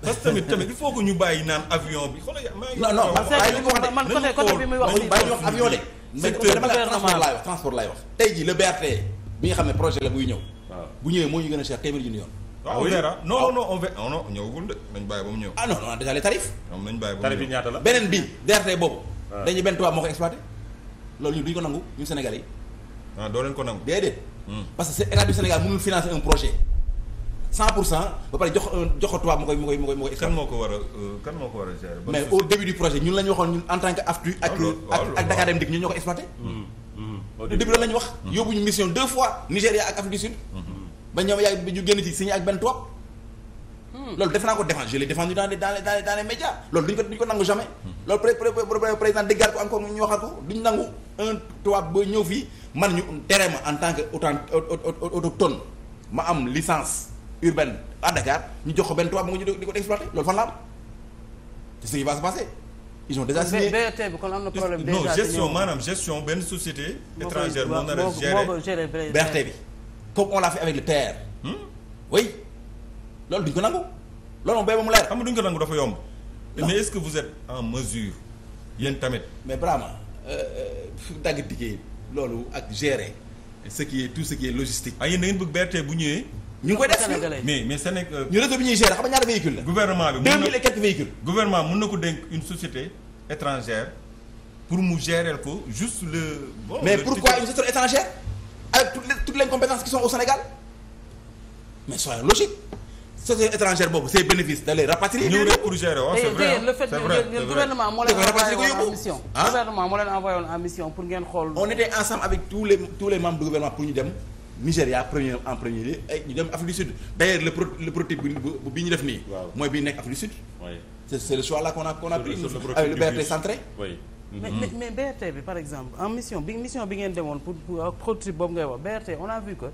parce que tamit tamit il faut que ñu bàyyi naan avion bi xoolal maa non non man côté bi muy wax bàyyi wax avion de mais dama la transport laay wax transport laay wax tey jii le BRT bi nga xam ne projet la buy ñëw bu ñëwee moo ñu gën a cher téeméer junni yoon waaw ah ah on verra non ah. non on verra ba mu ñëw ah non non déjà les tarifs moom nañ ba tarif yi benn tubaab moo ko exploité loolu ñu duñ ko nangu ñun Sénégalais yi doo leen ko nangu déedéet hmm. parce que état du Sénégal mënul financer un projet cent pour cent ba pare jox euh, jox ko tubaab mu koy mu koy mu koy mu koy. kan moo ko war euh, mais au début du projet ñun la waxoon ñun en tant que AFTU. ak ah, ah, ak Dakar Dem ñun ñoo ko exploité. Mm-hmm. Mm-hmm. au début la ñu wax. Mm-hmm. yóbbuñu mission deux fois Nigéria ak Afrique du Sud. ba ñoom yaay bi ñu génn ci signé ak benn tubaab. Hmm. loolu def naa ko défense je l'ai défendu dans les dans les loolu duñ ko nangu jamais. loolu pré président déggaat ko encore ñu waxaat ko duñ nangu un tubaab man ñu tere en tant que autant urbaine à Dakar ñu jox ko benn tubaab mu di ko exploité loolu fan la am c'est ce qui bi kon am na problème déjà benn société étrangère moo nar a le TER hmm? loolu duñ ko nangu loolu moom béy ba mu leer xam nga duñ ko nangu dafa yomb mais est-ce que vous êtes en mesure yéen tamit mais euh, euh, fi dagg diggéey loolu ak gérer ce qui est tout ce qui est logistique ah yéen da bëgg BRT bu ñëwee ñu ngi koy def mais mais Sénégal. Euh, ñu réseau bi ñuy gérer xam nga ñaata véhicule la. gouvernement bi deux mille et quelques véhicules. gouvernement mën na ko dénk une société étrangère pour mu gérer ko juste le. mais pourquoi une société étrangère avec toutes les compétences qui sont au Sénégal mais soyons logiques société étrangère boobu c'est oh, vrai le fait que gouvernement moo leen envoyé woon en mission. gouvernement moo leen envoyé woon en mission pour ngeen xool. on était ensemble avec tous les tous les Nigéria premier en premier lieu ay ñu dem Afrique Sud d'ailleurs le pro bi ñu def nii. mooy bi nekk Afrique Sud. oui c'est c'est le choix bi mission bi mission bi ngeen demoon pour pour prototype boobu ngay wax BRT on a vu que.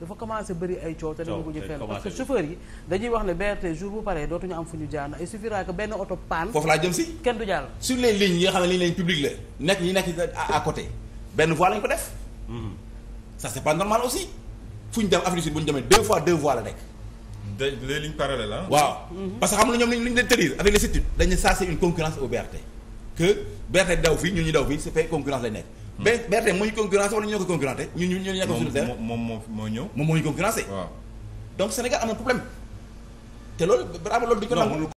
dafa commencé bëri ay coow te demaguñu fenn parce que chauffeur yi dañuy wax ne BRT jour bu paree dootuñu am fu ñu jaar il suffira que benn oto panne foofu laa jëm si kenn du jàll sur les lignes yi xam ne ligne publique la nekk ñi nekk à côté ça normal aussi fu ñu dem Afrique du bu ñu demee deux fois deux voies la nekk. day les lignes parallèles ah. waaw parce que xam nga ñoom li ñu leen tërir avec les études dañ ne une concurrence au BRT que BRT daw fii ñun ñu daw fii c'est fait concurrence lay nekk. Hmm. BRT moo ñu concurrence wala ñu ñoo ko moom moo moo ñëw. moom moo ñu concurrencé. donc Sénégal am na problème te loolu. bravo loolu duñ ko nangu.